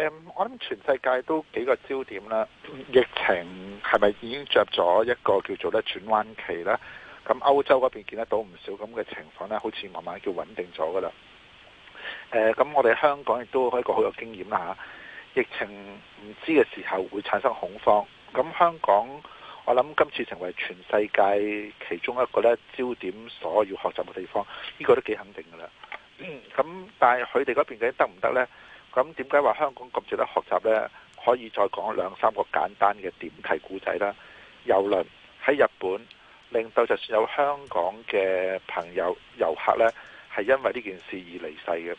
嗯、我諗全世界都幾個焦點啦，疫情係咪已經著咗一個叫做咧轉彎期呢？咁歐洲嗰邊見得到唔少咁嘅情況呢，好似慢慢叫穩定咗噶啦。咁、嗯、我哋香港亦都係一個好有經驗啦吓，疫情唔知嘅時候會產生恐慌。咁香港，我諗今次成為全世界其中一個咧焦點所要學習嘅地方，呢、呢個都幾肯定噶啦。咁、嗯嗯、但係佢哋嗰邊究竟得唔得呢？咁點解話香港咁值得學習呢？可以再講兩三個簡單嘅點題故仔啦。郵輪喺日本令到，就算有香港嘅朋友、遊客呢，係因為呢件事而離世嘅。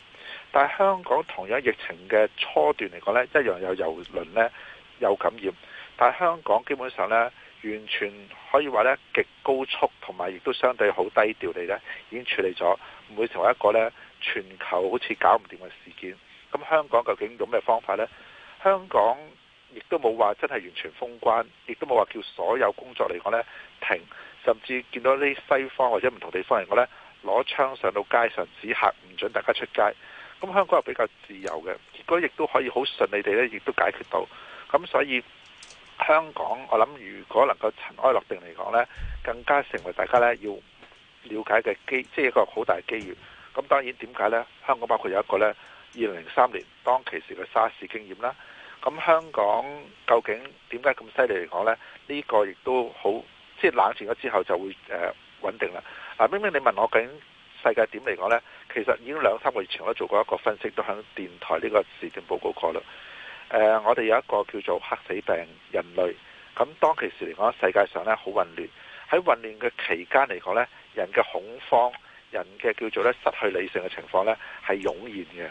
但係香港同樣疫情嘅初段嚟講呢，一樣有郵輪呢有感染，但係香港基本上呢，完全可以話呢極高速同埋亦都相對好低調地呢，已經處理咗，唔會成為一個呢全球好似搞唔掂嘅事件。咁香港究竟有咩方法呢？香港亦都冇話真係完全封關，亦都冇話叫所有工作嚟講呢停。甚至見到啲西方或者唔同地方嚟講呢攞槍上到街上指吓唔准大家出街。咁香港又比較自由嘅，結果亦都可以好順利地呢亦都解決到。咁所以香港，我諗如果能夠塵埃落定嚟講呢，更加成為大家呢要了解嘅機，即係一個好大機遇。咁當然點解呢？香港包括有一個呢。二零零三年當其時嘅沙士 SARS 經驗啦，咁香港究竟點解咁犀利嚟講呢，呢、呢個亦都好，即係冷靜咗之後就會誒、呃、穩定啦。啊，明明你問我究竟世界點嚟講呢？其實已經兩三個月前我都做過一個分析，都喺電台呢個時段報告過啦、呃。我哋有一個叫做黑死病人類，咁當其時嚟講，世界上呢好混亂。喺混亂嘅期間嚟講呢，人嘅恐慌、人嘅叫做呢失去理性嘅情況呢，係湧現嘅。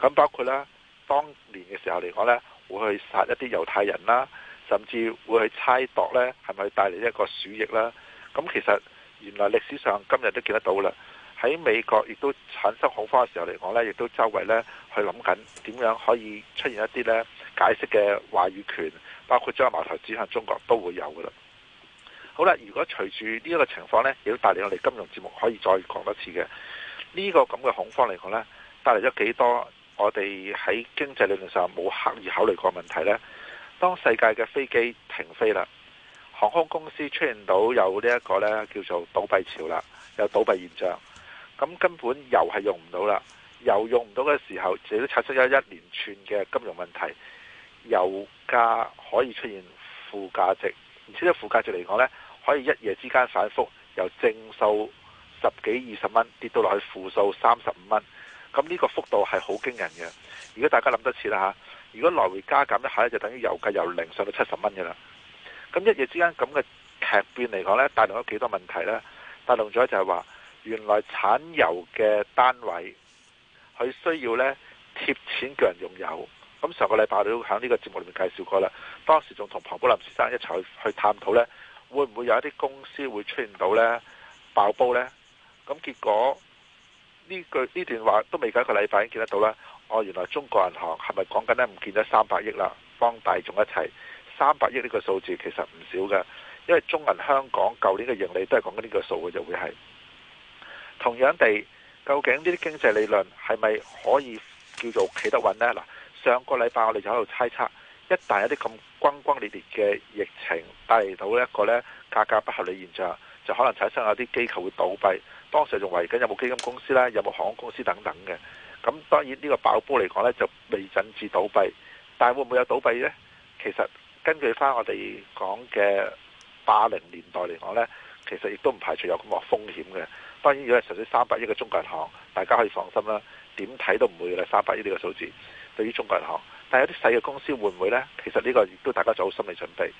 咁包括啦，當年嘅時候嚟講呢，會去殺一啲猶太人啦，甚至會去猜度呢，係咪帶嚟一個鼠疫啦。咁其實原來歷史上今日都見得到啦。喺美國亦都產生恐慌嘅時候嚟講呢，亦都周圍呢去諗緊點樣可以出現一啲呢解釋嘅話語權，包括將矛頭指向中國都會有噶啦。好啦，如果隨住呢一個情況呢，亦都帶嚟我哋金融節目可以再講多次嘅呢個咁嘅恐慌嚟講呢，帶嚟咗幾多？我哋喺經濟理論上冇刻意考慮過問題呢，當世界嘅飛機停飛啦，航空公司出現到有這呢一個叫做倒閉潮啦，有倒閉現象。咁根本油係用唔到啦，油用唔到嘅時候，自己都產生咗一連串嘅金融問題，油價可以出現負價值。而呢啲負價值嚟講呢，可以一夜之間反覆由正數十幾二十蚊跌到落去負數三十五蚊。咁呢個幅度係好驚人嘅。如果大家諗得切啦嚇，如果來回加減一下咧，就等於油價由零上到七十蚊嘅啦。咁一夜之間咁嘅劇變嚟講呢，帶動咗幾多問題呢？帶動咗就係話，原來產油嘅單位佢需要呢貼錢叫人用油。咁上個禮拜我都喺呢個節目裡面介紹過啦。當時仲同龐寶林先生一齊去，去探討呢，會唔會有一啲公司會出現到呢爆煲呢？咁結果。呢句呢段話都未夠一個禮拜已經見得到啦！我原來中國銀行係咪講緊呢？唔見咗三百億啦？幫大眾一齊三百億呢個數字其實唔少嘅，因為中銀香港舊年嘅盈利都係講緊呢個數嘅，就會係同樣地，究竟呢啲經濟理論係咪可以叫做企得穩呢？嗱，上個禮拜我哋就喺度猜測，一旦有啲咁轟轟烈烈嘅疫情帶嚟到一個呢價格不合理現象，就可能產生有啲機構會倒閉。當時仲維緊有冇基金公司啦，有冇航空公司等等嘅，咁當然呢個爆煲嚟講呢，就未引致倒閉，但係會唔會有倒閉呢？其實根據翻我哋講嘅八零年代嚟講呢，其實亦都唔排除有咁嘅風險嘅。當然如果係屬於三百億嘅中國銀行，大家可以放心啦，點睇都唔會啦，三百億呢個數字對於中國銀行。但係有啲細嘅公司會唔會呢？其實呢個亦都大家做好心理準備。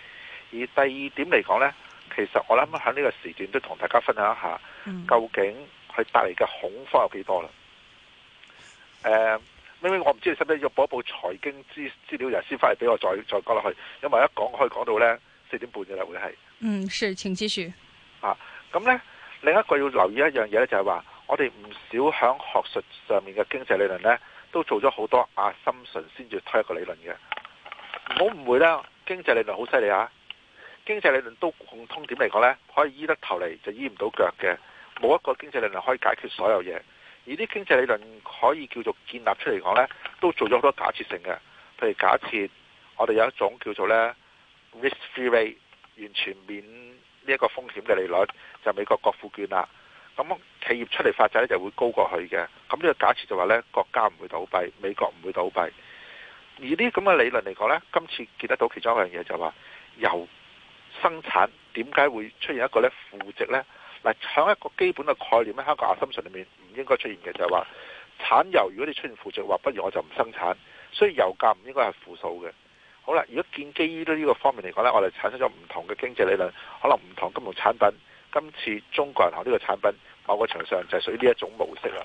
而第二點嚟講呢。其實我諗喺呢個時段都同大家分享一下，究竟佢帶嚟嘅恐慌有幾多啦，嗯？誒、嗯嗯，明明我唔知你使唔使要補一補財經資資料，又先翻嚟俾我再再講落去，因為一講可以講到呢，四點半嘅啦會係。嗯，是，請繼續。咁、啊、呢，另一個要留意一樣嘢呢，就係話我哋唔少響學術上面嘅經濟理論呢，都做咗好多 assumption 先至推一個理論嘅。唔好誤會啦，經濟理論好犀利啊！經濟理論都共通點嚟講呢，可以醫得頭嚟就醫唔到腳嘅，冇一個經濟理論可以解決所有嘢。而啲經濟理論可以叫做建立出嚟講呢都做咗好多假設性嘅，譬如假設我哋有一種叫做呢 risk-free rate，完全免呢一個風險嘅利率，就是、美國國庫券啦。咁企業出嚟發債呢就會高過佢嘅。咁呢個假設就話呢國家唔會倒閉，美國唔會倒閉。而啲咁嘅理論嚟講呢今次見得到其中一樣嘢就話、是、由。生產點解會出現一個咧負值咧？嗱，響一個基本嘅概念咧，香港人心上裏面唔應該出現嘅就係話，產油，如果你出現負值嘅話，不如我就唔生產。所以油價唔應該係負數嘅。好啦，如果建基於呢呢個方面嚟講咧，我哋產生咗唔同嘅經濟理論，可能唔同金融產品。今次中國銀行呢個產品，某個場上就係屬於呢一種模式啊。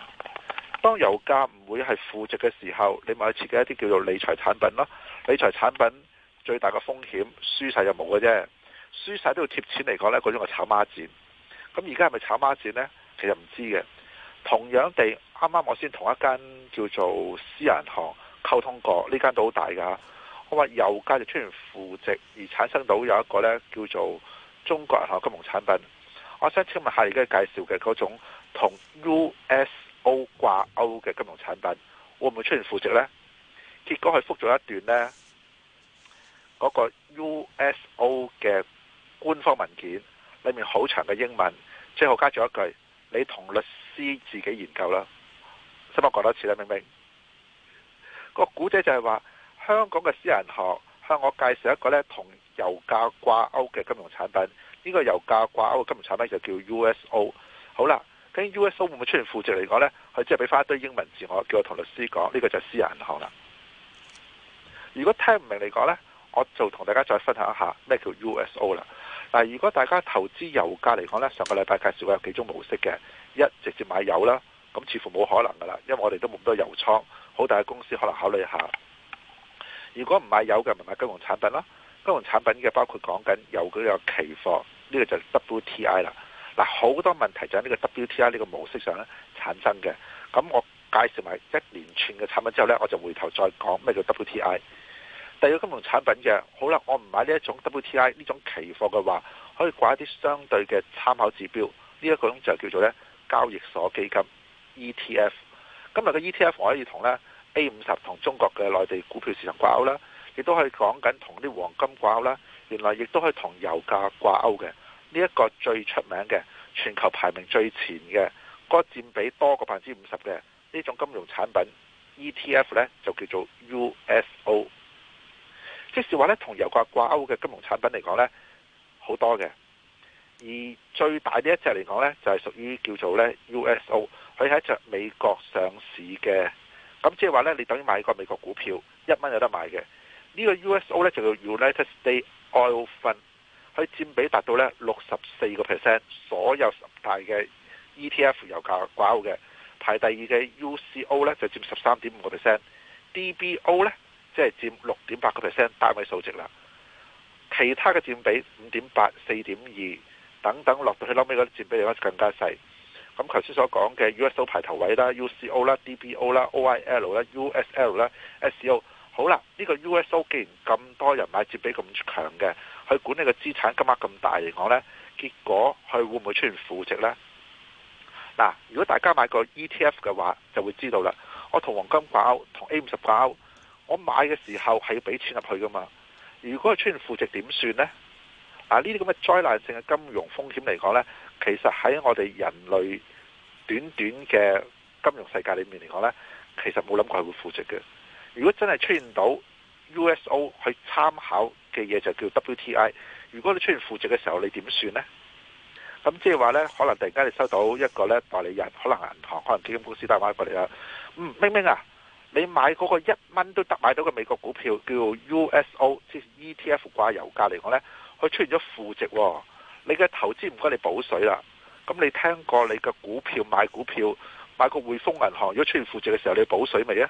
當油價唔會係負值嘅時候，你咪設計一啲叫做理財產品咯。理財產品最大嘅風險，輸晒就冇嘅啫。輸晒都要貼錢嚟講呢，嗰種係炒孖展。咁而家係咪炒孖展呢？其實唔知嘅。同樣地，啱啱我先同一間叫做私人行溝通過，呢間都好大㗎。我話油價就出現負值，而產生到有一個呢叫做中國銀行金融產品。我想請問下而家介紹嘅嗰種同 USO 掛鈎嘅金融產品，會唔會出現負值呢？結果佢覆咗一段呢，嗰個 USO 嘅。官方文件裏面好長嘅英文，最後加咗一句：你同律師自己研究啦。使我講多次啦，明明？個古仔就係話香港嘅私人銀行向我介紹一個呢，同油價掛鈎嘅金融產品，呢個油價掛鈎嘅金融產品就叫 USO。好啦，究竟 USO 會唔會出現負值嚟講呢？佢即係俾翻一堆英文字我，叫我同律師講，呢個就係私人銀行啦。如果聽唔明嚟講呢，我就同大家再分享一下咩叫 USO 啦。但如果大家投資油價嚟講呢，上個禮拜介紹過有幾種模式嘅，一直接買油啦，咁似乎冇可能噶啦，因為我哋都冇咁多油倉，好大嘅公司可能考慮一下。如果唔買油嘅，咪買金融產品啦。金融產品嘅包括講緊油嗰個期貨，呢個就係 WTI 啦。嗱，好多問題就喺呢個 WTI 呢個模式上呢產生嘅。咁我介紹埋一連串嘅產品之後呢，我就回頭再講咩叫 WTI。第二個金融產品嘅，好啦，我唔買呢一種 WTI 呢種期貨嘅話，可以掛一啲相對嘅參考指標。呢一種就叫做交易所基金 ETF。今日嘅 ETF 可以同呢 A 五十同中國嘅內地股票市場掛鈎啦，亦都可以講緊同啲黃金掛鈎啦。原來亦都可以同油價掛鈎嘅。呢一個最出名嘅，全球排名最前嘅，各佔比多過百分之五十嘅呢種金融產品 ETF 呢，就叫做 USO。即是話咧，同油價掛鈎嘅金融產品嚟講呢，好多嘅。而最大一隻來呢一隻嚟講呢，就係屬於叫做呢 USO，佢係一隻美國上市嘅。咁即係話呢，你等於買一個美國股票，一蚊有得買嘅。這個、呢個 USO 呢就叫 United States Oil Fund，佢佔比達到呢六十四個 percent，所有十大嘅 ETF 油價掛鈎嘅，排第二嘅 UCO 呢就佔十三點五個 percent，DBO 呢。即係佔六點八個 percent 單位數值啦，其他嘅佔比五點八、四點二等等落到去，後尾嗰啲佔比嚟講更加細。咁頭先所講嘅 USO 排頭位啦、UCO 啦、DBO 啦、OIL 啦、USL 啦、SCO，好啦，呢、呢個 USO 既然咁多人買佔比咁強嘅，佢管理嘅資產金額咁大嚟講呢，結果佢會唔會出現負值呢？嗱，如果大家買過 ETF 嘅話，就會知道啦。我同黃金掛鈎，同 A 五十掛鈎。我買嘅時候係要俾錢入去噶嘛？如果係出現負值點算呢？嗱，呢啲咁嘅災難性嘅金融風險嚟講呢，其實喺我哋人類短短嘅金融世界裏面嚟講呢，其實冇諗過係會負值嘅。如果真係出現到 USO 去參考嘅嘢，就叫 WTI，如果你出現負值嘅時候，你點算呢？咁即係話呢，可能突然間你收到一個呢代理人，可能銀行，可能基金公司打電話過嚟啦。嗯，明明啊？你買嗰個一蚊都得買到嘅美國股票，叫 USO，即 ETF 掛油價嚟講呢，佢出現咗負值、哦。你嘅投資唔該你補水啦。咁你聽過你嘅股票買股票買個匯豐銀行，如果出現負值嘅時候，你補水未啊？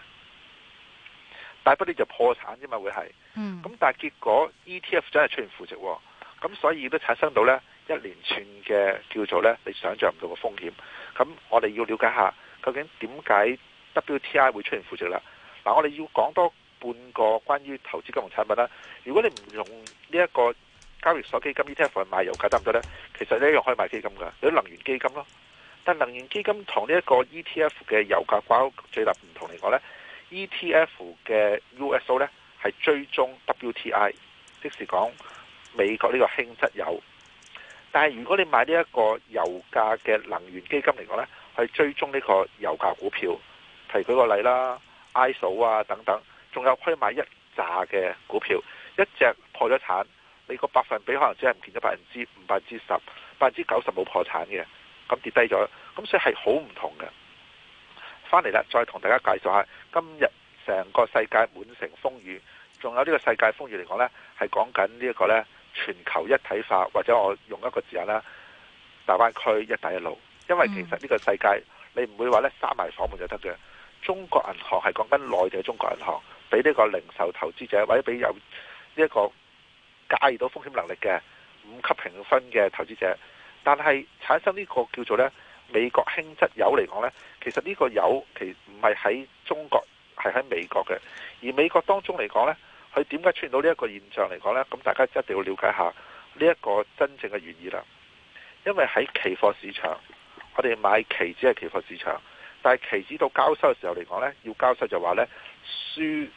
大不了就破產啫嘛，會係。嗯、咁但係結果 ETF 真係出現負值、哦，咁所以也都產生到呢一連串嘅叫做呢你想像唔到嘅風險。咁我哋要了解一下究竟點解？WTI 會出現負值啦。嗱，我哋要講多半個關於投資金融產品啦。如果你唔用呢一個交易所基金 ETF 去買油價，得唔得呢？其實咧，一樣可以買基金噶，你有能源基金咯。但能源基金同呢一個 ETF 嘅油價掛鈎最大唔同嚟講呢、嗯、ETF 嘅 USO 呢係追蹤 WTI，即是講美國呢個輕質油。但係如果你買呢一個油價嘅能源基金嚟講呢，去追蹤呢個油價股票。提舉個例啦，IPO 啊等等，仲有可以買一紮嘅股票，一隻破咗產，你個百分比可能只係唔見咗百分之五、百分之十、百分之九十冇破產嘅，咁跌低咗，咁所以係好唔同嘅。翻嚟啦，再同大家介紹下今日成個世界滿城風雨，仲有呢個世界風雨嚟講呢，係講緊呢一個呢全球一體化，或者我用一個字眼啦，大灣區一帶一路。因為其實呢個世界、嗯、你唔會話呢閂埋房門就得嘅。中國銀行係講緊內地嘅中國銀行，俾呢個零售投資者或者俾有呢一個駕馭到風險能力嘅五級評分嘅投資者，但係產生呢個叫做呢美國輕質油嚟講呢，其實呢個油其實唔係喺中國，係喺美國嘅。而美國當中嚟講呢，佢點解出現到呢一個現象嚟講呢？咁大家一定要了解下呢一個真正嘅原意啦。因為喺期貨市場，我哋買期只係期貨市場。但係期指到交收嘅時候嚟講呢，要交收就話呢輸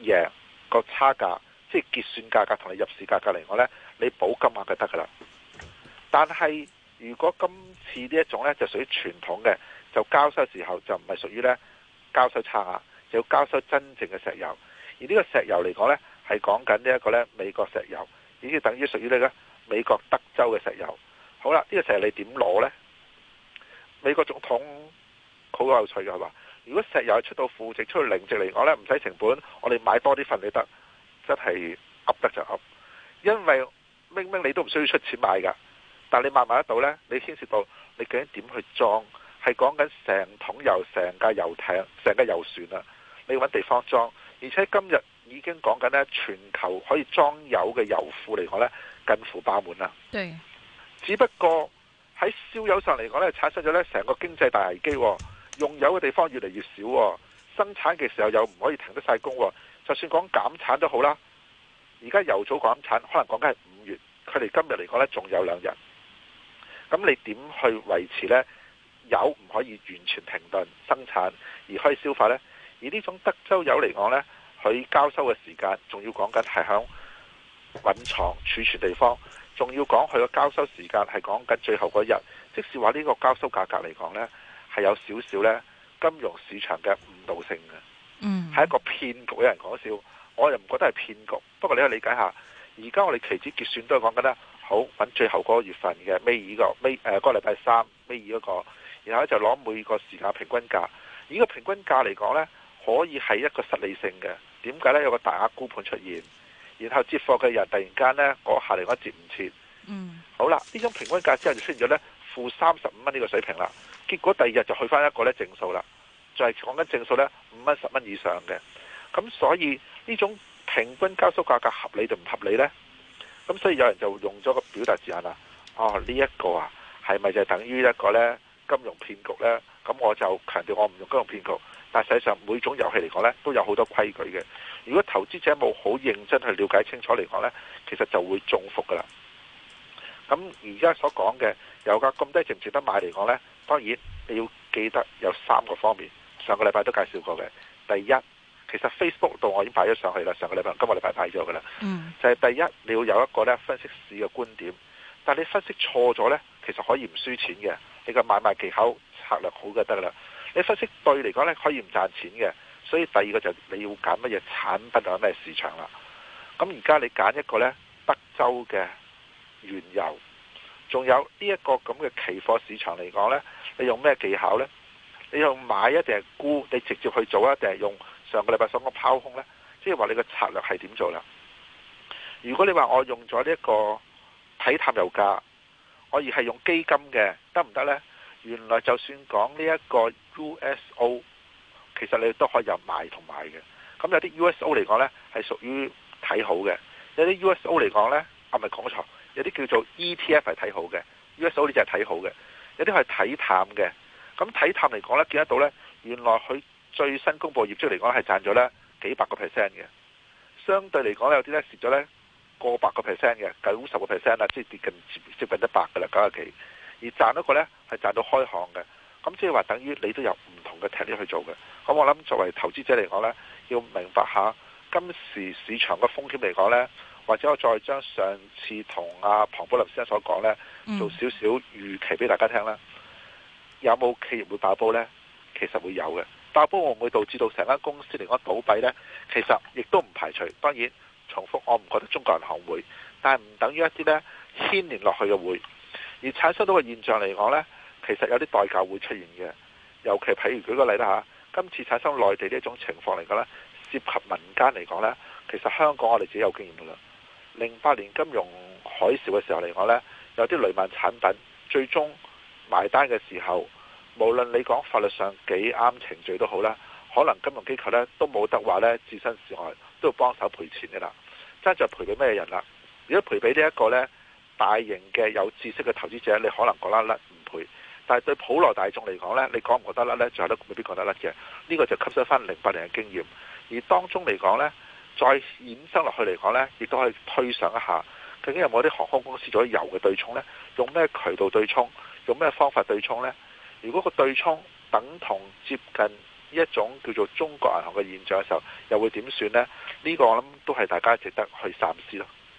贏個差價，即係結算價格同你入市價格嚟講呢，你補金額就得噶啦。但係如果今次呢一種呢，就屬於傳統嘅，就交收嘅時候就唔係屬於呢交收差價，就要交收真正嘅石油。而呢個石油嚟講呢，係講緊呢一個呢美國石油，已經等於屬於呢個美國德州嘅石油。好啦，呢個石油你點攞呢？美國總統。好有趣嘅係話，如果石油出到負值，出去零值嚟講呢，唔使成本，我哋買多啲份你得，真係噏得就噏，因為明明你都唔需要出錢買㗎，但你買唔買得到呢，你牽涉到你究竟點去裝，係講緊成桶油、成架遊艇、成架遊船啦，你揾地方裝。而且今日已經講緊呢，全球可以裝油嘅油庫嚟講呢，近乎爆滿啦。對只不過喺燒油上嚟講呢，產生咗呢成個經濟大危機、哦。用油嘅地方越嚟越少、哦，生產嘅時候又唔可以停得晒工、哦，就算講減產都好啦。而家油早減產，可能講緊係五月，佢哋今日嚟講咧，仲有兩日。咁你點去維持咧？油唔可以完全停頓生產而可以消化咧？而呢種德州油嚟講咧，佢交收嘅時間仲要講緊係響蘊藏儲存地方，仲要講佢嘅交收時間係講緊最後嗰日。即使話呢個交收價格嚟講咧。係有少少呢金融市場嘅誤導性嘅，嗯，係一個騙局。有人講笑，我又唔覺得係騙局。不過你可以理解下，而家我哋期指結算都係講緊呢好揾最後嗰個月份嘅尾二個尾誒個禮拜三尾二嗰個，然後呢就攞每個時間平均價。以個平均價嚟講呢，可以係一個失理性嘅。點解呢？有個大額沽盤出現，然後接貨嘅人突然間呢，嗰下嚟嗰一接唔切，嗯，好啦，呢種平均價之後就出現咗呢負三十五蚊呢個水平啦。結果第二日就去返一個呢正數啦，就係講緊正數呢，五蚊十蚊以上嘅，咁所以呢種平均交收價格合理定唔合理呢？咁所以有人就用咗個表達字眼啦，哦呢、這個啊、一個啊係咪就等於一個金融騙局呢？咁我就強調我唔用金融騙局，但係實際上每種遊戲嚟講呢，都有好多規矩嘅。如果投資者冇好認真去了解清楚嚟講呢，其實就會中伏噶啦。咁而家所講嘅油價咁低值唔值得買嚟講呢？當然你要記得有三個方面，上個禮拜都介紹過嘅。第一，其實 Facebook 度我已經擺咗上去啦，上個禮拜、今個禮拜擺咗㗎啦。嗯，就係第一你要有一個咧分析市嘅觀點，但係你分析錯咗咧，其實可以唔輸錢嘅。你個買賣技巧策略好就得啦。你分析對嚟講咧可以唔賺錢嘅。所以第二個就你要揀乜嘢產品同埋乜嘢市場啦。咁而家你揀一個咧德州嘅原油，仲有呢一個咁嘅期貨市場嚟講呢你用咩技巧呢？你用買定係沽？你直接去做啊，定係用上個禮拜所講拋空呢，即係話你個策略係點做啦？如果你話我用咗呢一個體探油價，我而係用基金嘅得唔得呢？原來就算講呢一個 USO，其實你都可以有買同賣嘅。咁有啲 USO 嚟講呢係屬於睇好嘅，有啲 USO 嚟講呢，我咪講錯。有啲叫做 ETF 係睇好嘅，USO 呢隻係睇好嘅，有啲係睇淡嘅。咁睇淡嚟講呢，見得到呢，原來佢最新公佈業績嚟講係賺咗呢幾百個 percent 嘅，相對嚟講有啲呢蝕咗呢過百個 percent 嘅，九十個 percent 啦，即係跌近接近一百噶啦，九十幾。而賺一個呢係賺到開行嘅，咁即係話等於你都有唔同嘅睇點去做嘅。咁我諗作為投資者嚟講呢，要明白下今時市場嘅風險嚟講呢。或者我再將上次同阿、啊、龐寶林先生所講呢做少少預期俾大家聽啦。有冇企業會爆煲呢？其實會有嘅。爆煲會唔會導致到成間公司嚟講倒閉呢？其實亦都唔排除。當然，重複我唔覺得中國銀行會但，但係唔等於一啲呢牽連落去嘅會。而產生到嘅現象嚟講呢，其實有啲代價會出現嘅。尤其譬如舉個例啦嚇，今次產生內地呢一種情況嚟講呢，涉及民間嚟講呢，其實香港我哋自己有經驗㗎啦。零八年金融海嘯嘅時候嚟講呢，有啲雷曼產品最終埋單嘅時候，無論你講法律上幾啱程序都好啦，可能金融機構呢都冇得話呢置身事外，都要幫手賠錢嘅啦。真係就賠俾咩人啦？如果賠俾呢一個呢大型嘅有知識嘅投資者，你可能覺得甩唔賠，但係對普羅大眾嚟講呢，你覺唔覺得甩呢，就係都未必覺得甩嘅。呢、這個就吸收翻零八年嘅經驗，而當中嚟講呢。再衍生落去嚟講呢，亦都可以推想一下，究竟有冇啲航空公司做油嘅對沖呢？用咩渠道對沖？用咩方法對沖呢？如果個對沖等同接近呢一種叫做中國銀行嘅現象嘅時候，又會點算呢？呢、這個我諗都係大家值得去三思咯。